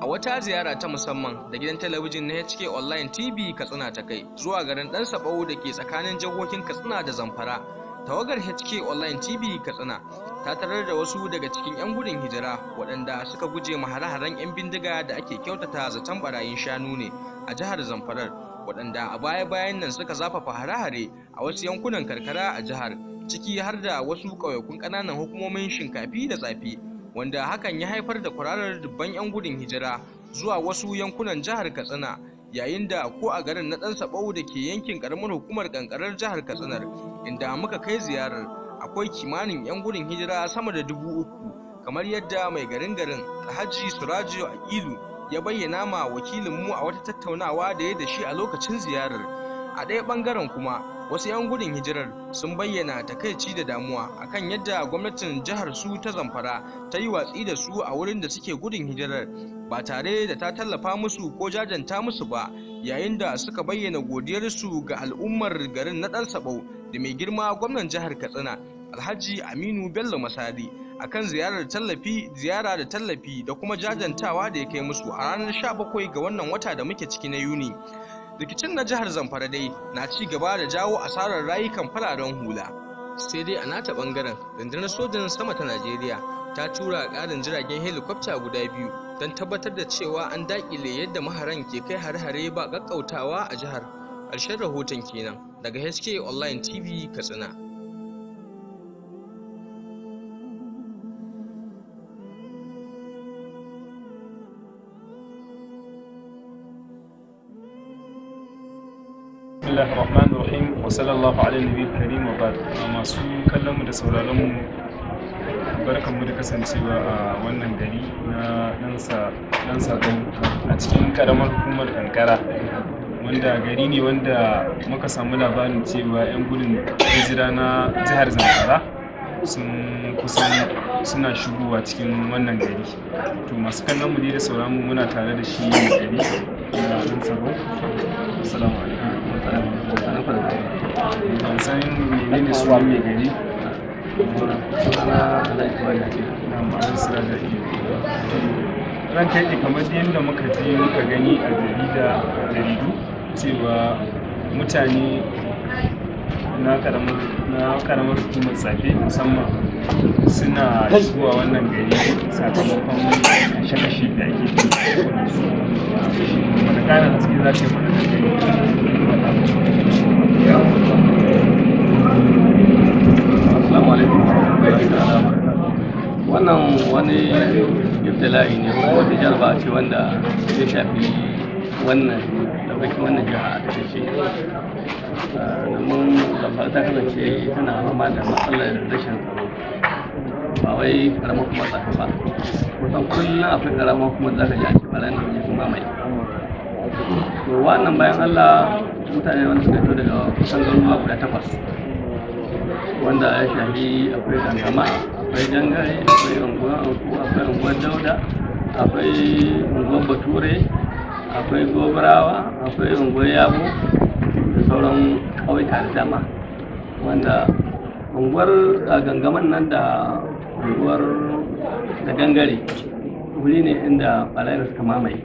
A wata ziyara ta musamman da gidan talabijin na HK Online TV Katsina ta kai zuwa garin Dan Sabau da ke tsakanin jihohin Katsina da Zamfara. Tawagar HK Online TV Katsina ta tarar da wasu daga cikin 'yan gudun hijira waɗanda suka guje ma hare-haren 'yan bindiga da ake kyautata zaton barayin shanu ne a jihar Zamfarar waɗanda a baya-bayan nan suka zafafa hare-hare a wasu yankunan karkara a jihar ciki har da wasu ƙauyakun ƙananan hukumomin shinkafi da tsafi wanda hakan ya haifar da kwararar dubban 'yan gudun hijira zuwa wasu yankunan jihar katsina yayin da ko a garin na ɗan sabau da ke yankin ƙaramin hukumar ƙanƙarar jihar katsinar inda muka kai ziyarar akwai kimanin 'yan gudun hijira sama da dubu uku kamar yadda mai garin garin alhaji suraji aqilu ya bayyana ma wakilinmu a wata tattaunawa da ya da shi a lokacin ziyarar a ɗaya ɓangaren kuma wasu 'yan gudun hijirar sun bayyana takaici da damuwa akan yadda gwamnatin jihar su ta zamfara ta yi watsi da su a wurin da suke gudun hijirar ba tare da ta tallafa musu ko jajanta musu ba yayin da suka bayyana godiyarsu ga al'ummar garin na ɗan sabo da mai girma gwamnan jihar katsina alhaji aminu bello masari akan ziyarar tallafi ziyara da tallafi da kuma jajantawa da ya kai musu a ranar 17 ga wannan wata da muke ciki na yuni rikicin na jihar zamfara dai na ci gaba da jawo asarar rayukan fararen hula sai dai a nata bangaren rundunar sojan sama ta najeriya ta tura ƙarin jiragen helikwabta guda biyu don tabbatar da cewa an daƙile yadda maharan ke kai hare-hare ba ƙaƙƙautawa a jihar ƙarshen rahoton kenan daga hsk online tv katsina Bismillah ar-Rahman ar rahim wa sallallahu ala nabiyil karim wa ba'd masu kallon mu da sauraron mu barkan mu da kasancewa a wannan gari na ɗansa don a cikin karamar hukumar kankara wanda gari ne wanda muka samu labarin cewa 'yan gudun hijira na jihar zamfara sun kusan suna shigowa cikin wannan gari to masu kallon mu da sauran mu muna tare da shi gari da ɗan don assalamu ban kai menene mai gari kamar yadda muka ji muka gani a jarida jaridu cewa mutane na karamar hukumar tsafe musamman suna zuwa wannan gari sakamakon kashe-kashe da ake yi wani ƙarin haske za su yi mana da gari wannan wani yadda ibtila'i ne wata jarba ce wanda ya shafi wannan dokokin wannan jiha a takaice ah, domin zamfara ta kasance tana fama da matsalar rashin tsaro ba wai karamar kuma tsaka ba kusan kullum akwai karamar kuma za ka ji a ce barayin da ya kuma mai to wannan bayan allah mutane wanda suka fito daga kusan garuruwa guda takwas wanda ya shafi akwai kankama akwai dangare akwai unguwar dauda akwai unguwar bature akwai gobarawa akwai unguwar yabo da sauran ƙauyuka da dama wanda unguwar gangaman nan da unguwar da gangare wuri ne inda ɓarayin suka mamaye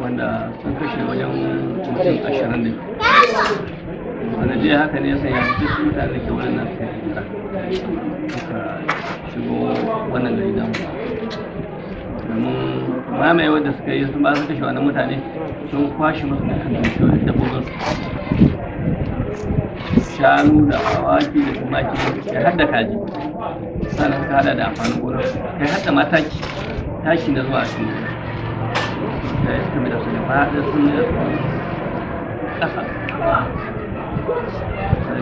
wanda sun kashe wajen mutum ashirin da jiya haka ne ya sanya duk mutane ke wurin nan suka shigo wannan gari namu mamaye wanda suka yi sun ba su kashe wannan mutane sun kwashe musu da dabbobin shanu da awaki da tumaki ya hada kaji sannan suka hada da amfanin gona kai hada da mataki taki na zuwa su ne. da ya suka da su gaba da sun yi ƙasa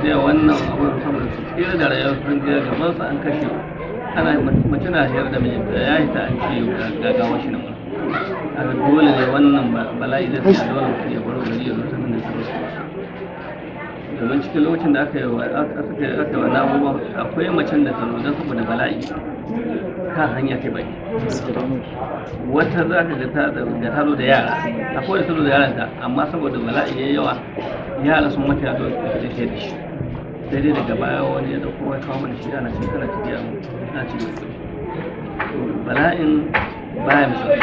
da wannan abubuwan saboda su tsira da rayuwar sun gaban su an kashe ana mace na shayar da mijinta ya yi ta an ga gagawa shi nan kaga dole ne wannan bala'i da sai dole mutum ya baro gari ya rota min da domin cikin lokacin da aka yi wa aka wa nabuwa akwai macen da ta roda saboda bala'i kan hanya ta bai wata za ka ga da taro da yara akwai da taro da yaranta amma saboda bala'i ya yawa yara sun mata ya zo da shi sai dai daga baya wani ya dauko ya kawo mana shi ana cikin kana tafiya na ci gaba bala'in baya misali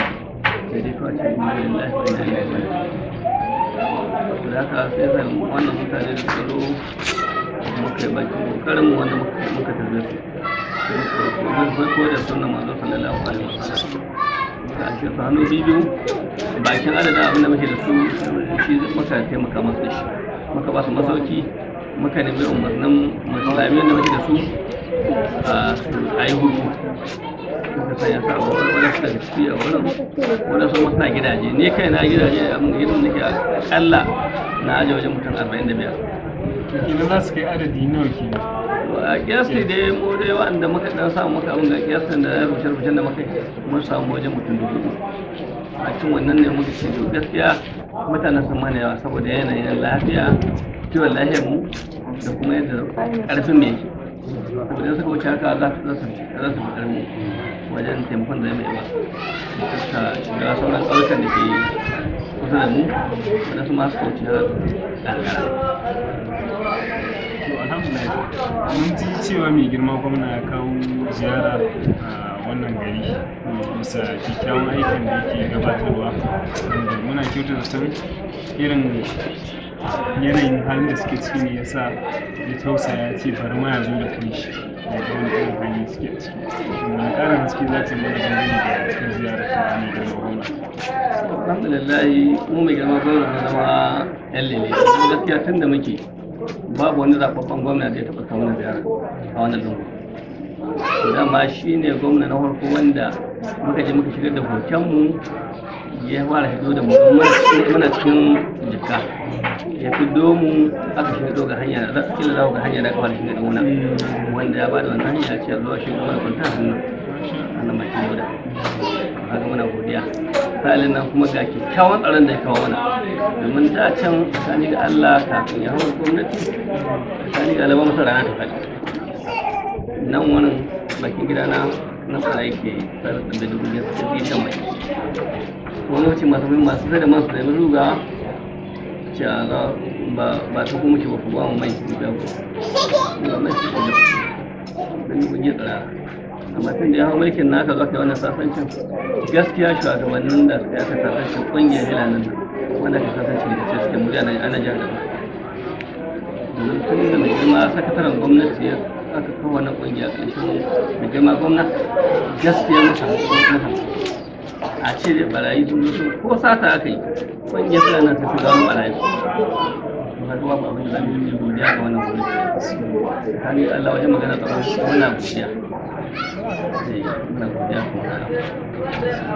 sai dai kawai cikin malin lafiya na yi lafiya da haka sai zan wannan mutane da tsaro muka yi bakin kokarin mu wanda muka tarbe su zan ko da sunan mazo sallallahu alaihi wasallam a cikin hannu biyu bakin adadin abin da muke da su shi muka taimaka masu da shi muka ba su masauki muka nemi umarnin musulmi da muke da su a yi hudu da sanya sa wani wani suka gaski a wurin wani sun mutuna gidaje ne kai na gidaje a mun gidan nake kalla na aje wajen mutum arba'in da biyar. Kina za su kai adadi nawa kenan? a kiyasti dai mu dai wanda muka dan samu muka abin da kiyasta da rubuce rubucen da muka mun samu wajen mutum dubu a cikin wannan ne muka ce gaskiya mutanen sun mana yawa saboda yanayin lafiya kiwon lafiyar mu da kuma yadda karfin mai idan suka wuce haka za su za su ƙarfi wajen taimakon da ya mai ba ta da sauran ƙauyukan da ke kusa da mu wadda su masu kauce da alhamdulillah mun ji cewa mai girma gwamna ya kawo ziyara a wannan gari bisa kyakkyawan aikin da yake gabatarwa muna kyautata san irin yanayin halin da suke ciki ne yasa ya tausaya ya ce bari ma ya zo da kai shi ya wani irin hanyar suke a ciki wani ƙarin haske za ta mana dangane da cikin ziyarar ta mai girma gona. alhamdulillah mu mai girma gona na zama yan lele gaskiya tun da muke babu wani zaɓaɓɓen gwamna da ya taɓa kawo na ziyara a wannan lungu dama shi ne gwamna na farko wanda muka je muka shigar da mu ya fara hido da mana cikin jikka ya fi domu aka shi hido ga hanya da kila za ga hanya da aka fara shiga da wuna. wanda ya ba da wannan hanya ce zuwa shi kuma da kwanta hannu a ana mai hido da haka muna godiya sa'ilin nan kuma ga kyakkyawan tsaron da ya kawo mana domin ta can tsakani ga Allah kafin ya hau gwamnati tsakani ga alama masa rana ta faɗi nan wani bakin gidana na fara yake da dubu biyar da mai wani wuce masu mai masu zai da masu da ruga ce a ga ba ta kuma ce ba ku ba mu mai ki da ku ba mai da ku dan ku ji tsara amma tun da ya hau mulkin naka za ka yi wannan sasancin gaskiya shugabannin da suka yaka sasancin kungiyar hilanin wanda ka sasancin da ce suke murya na ana jihar domin tun da mai girma sakataren gwamnati ya aka kawo na kungiya ƙarshen mai girma gwamnati gaskiya mutane a ce da barayi sun mutu, ko sata aka yi kungiyar tana nan ta shiga mu barayi kuma babu da yi godiya ga wannan gwamnati ta ni Allah wajen magana tsaro muna godiya eh, godiya kuma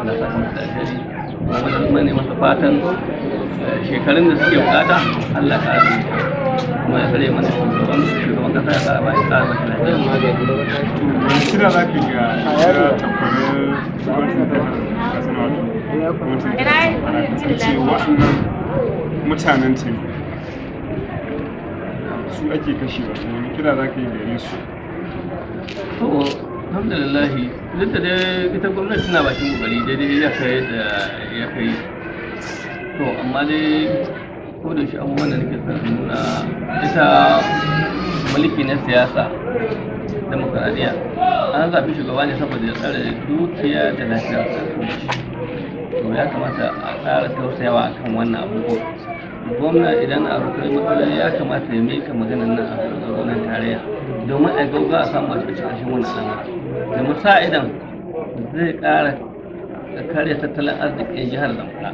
da kuma ne masa fatan eh, shekarun da suke bukata Allah ya ƙara kuma ya tsare mana shugaban shugaban kasa ya ƙara ba ya ƙara masa lafiya. Wani kira za ki ga kira tabbatar gwamnatin da kasa wato gwamnatin da ce waɗannan mutanen ce su ake kashewa wani kira za ka yi su. alhamdulillah duk da ita gwamnati tana bakin kokari daidai ya kai da ya kai to amma dai ko da shi abubuwan da nake son nuna ita mulki na siyasa demokaradiyya an zaɓi shugaba ne saboda ya dukiya da lafiyar to ya kamata a tausayawa wannan gwamna idan a rukar matsala ya kamata ya mika maganar nan a gwamnan tarayya domin a gauga a samu a cikin wannan da musa idan zai ƙara da kare tattalin arzikin jihar zamfara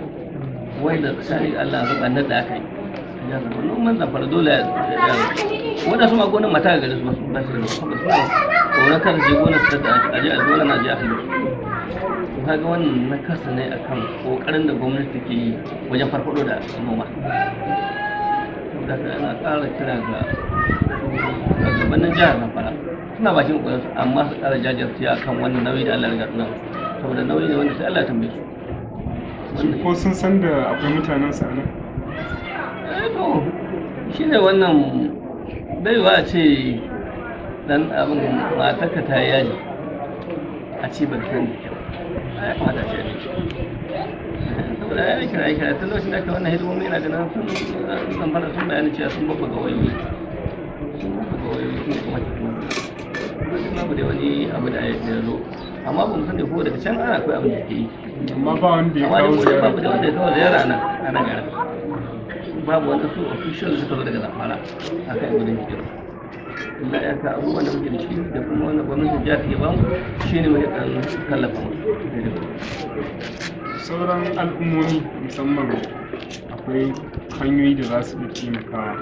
wanda da tsari allah zuwa da aka yi jihar wanda su magonin mata gari su ba su da su ba su da a na a hannu wannan na kasa ne kan kokarin da gwamnati ke yi wajen farfado da noma da kira ga shugabannin jihar zamfara suna bakin koyon su amma su ƙara jajirce a kan wannan nauyi da Allah ya nuna saboda nauyi ne wanda sai Allah ya tambaye su ko sun san da akwai mutanen sa nan eh to ne wannan bai a ce dan abin matarka ta yaji a ce ban san da kyau ai kamata ce saboda ya yi kira kira tun lokacin da aka wannan hidimomi yana ganin sun san fara sun bayani cewa sun babba ga wayoyi sun babba ga wayoyi kusan babu da wani abu da ya zo amma ba mu sani ko daga can ana akwai abin da ke yi amma ba wanda ya kawo ziyara babu da wanda ya kawo ziyara nan a nan garin babu wanda su official suka zo daga zamfara a kan gudun hijira illa ya ka abubuwan da muke da shi da kuma wanda gwamnatin jihar ke ba mu shi ne muke kan tallafa mu sauran al'ummomi musamman akwai hanyoyi da za su bi taimakawa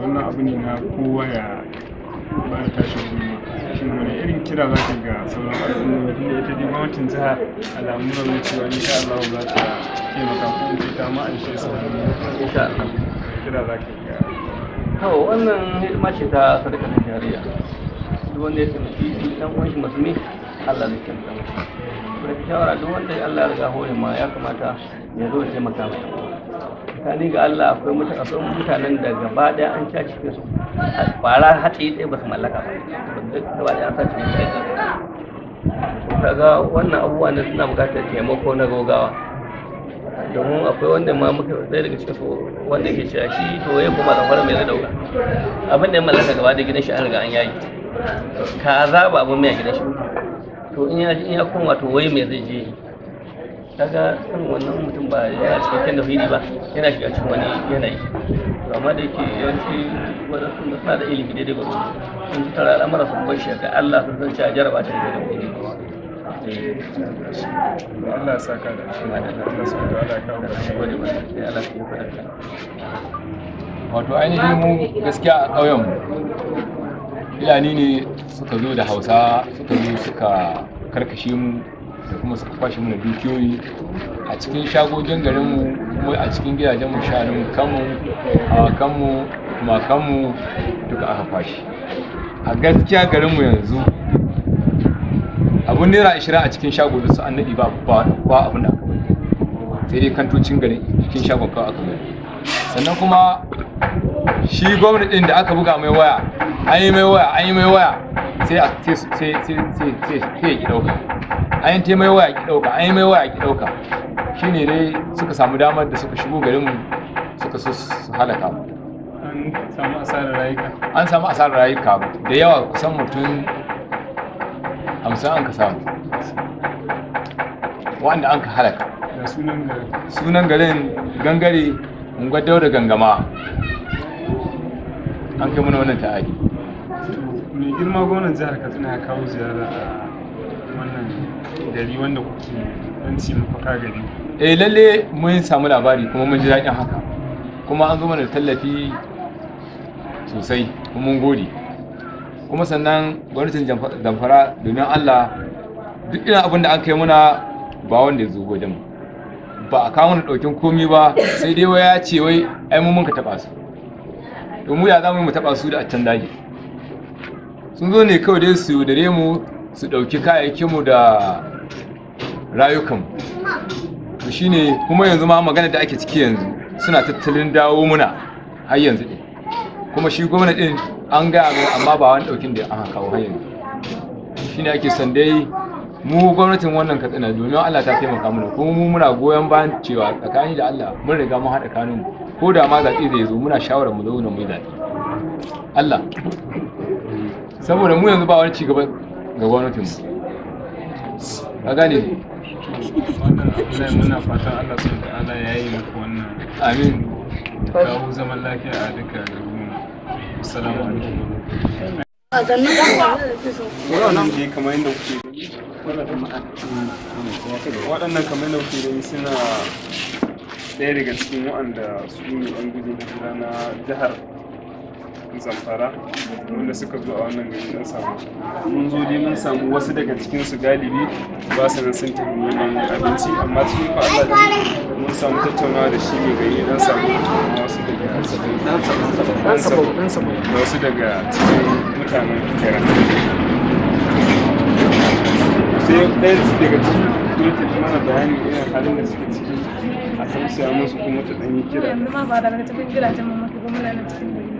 wannan abu ne na kowa ya ba da tashin gudunmawa shin wani irin kira za ta ga sauran jiha alamu na nuna cewa ni ka Allah za ta taimaka ko in ce ta ma aishe su insha kira za ga wannan hidima ce ta sadaka duk wanda ya taimaki dan uwan shi musulmi Allah zai taimaka masa da shawara duk wanda Allah ya riga hore ma ya kamata ya zo ya taimaka tsakani ga Allah akwai mutane mutanen da gaba daya an sha cikin su fara hatsi ɗaya ba su mallaka ba ba daya an sha cikin su kaga wannan abubuwa ne suna buƙatar taimako na gogawa domin akwai wanda ma muka ɗaya daga cikin su wanda ke cewa shi to ya koma da fara mai zai dauka abin da ya mallaka gaba da gidan shi an riga an yayi ka azaba abin mai gidan shi to in ya koma to wai mai zai je kaga irin wannan mutum ba yana kyan da ba yana shiga cikin wani yanayi ba amma da yake yawanci wadansu da suna da ilimi daidai ba sun ji tara al'amura sun bai shiga Allah sun san cewa ba ta da wani eh. Allah ya saka da shi Allah su da Allah ba wani ba ba Allah da faɗa wato ainihin mu gaskiya a ƙauyen Fulani ne suka zo da Hausa suka zo suka karkashe mu da kuma suka kwashe mana dukiyoyi a cikin shagogin garinmu kuma a cikin gidajenmu shanun kanmu hawakanmu makanmu duka aka kwashe a gaskiya garinmu yanzu abun naira ashirin a cikin shago da su annabi ba ba abin da aka sai dai kantocin garin cikin shagon kawai aka gani sannan kuma shi din da aka buga mai waya an yi mai waya an yi mai waya sai ce ce ce ce ce ya ce ɗauka an yi mai waya ki ɗauka an yi mai waya ki ɗauka shine dai suka samu damar da suka shigo garin mu suka so su halaka mu an samu asarar rayuka an samu asarar da yawa kusan mutum hamsin an ka samu wanda an ka halaka sunan garin gangare unguwar daura gangama an kai mana wannan ta'adi mai girma gwamnan jihar katsina ya kawo ziyara a wannan gari wanda kuke don ci muku kagari eh lalle mun samu labari kuma mun ji daɗin haka kuma an zo mana da tallafi sosai kuma mun gode kuma sannan gwamnatin damfara domin allah duk irin abin da an kai muna ba wanda ya zo wajen ba a kawo mana ɗaukin komi ba sai dai waya ce wai ai mun ka taɓa su domin mu ya za mu taɓa su da a can daji sun zo ne kawai dai su dare mu su ɗauki kayayyakinmu da rayukanmu to ne kuma yanzu ma magana da ake ciki yanzu suna tattalin dawo muna har yanzu ɗin kuma shi gwamna ɗin an gaya mai amma ba wani ɗaukin da aka kawo har yanzu ne ake sandai mu gwamnatin wannan katsina domin Allah ta taimaka mana kuma mu muna goyon bayan cewa tsakani da Allah mun riga mun haɗa kanunmu ko da ma zaɓe zai zo muna shawarar mu zauna mu yi zaɓe Allah saboda mu yanzu ba wani cigaba ga gwamnatin mu a gane muna fatan Allah sun da ta'ala ya yi muku wannan amin kawo zaman lafiya a duka garuruwa assalamu alaikum a ganin wannan kamar yadda kuke waɗannan kamar yadda kuke gani suna ɗaya daga cikin waɗanda su ne 'yan gudun hijira na jihar cikin zamfara wanda suka zo a wannan gari mun samu mun zo dai mun samu wasu daga cikin su galibi ba su nan sun tafi neman abinci amma cikin ba Allah dai mun samu tattaunawa da shi mai gari dan samu wasu daga wasu daga cikin mutanen kera sai ɗaya daga cikin kuma ta mana bayani irin halin da suke ciki a san siya musu kuma ta ɗanyi kira. Yanzu ma ba daga cikin gidajen mamaki ba muna na cikin gari.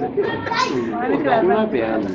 Olha que lá. Uma perna.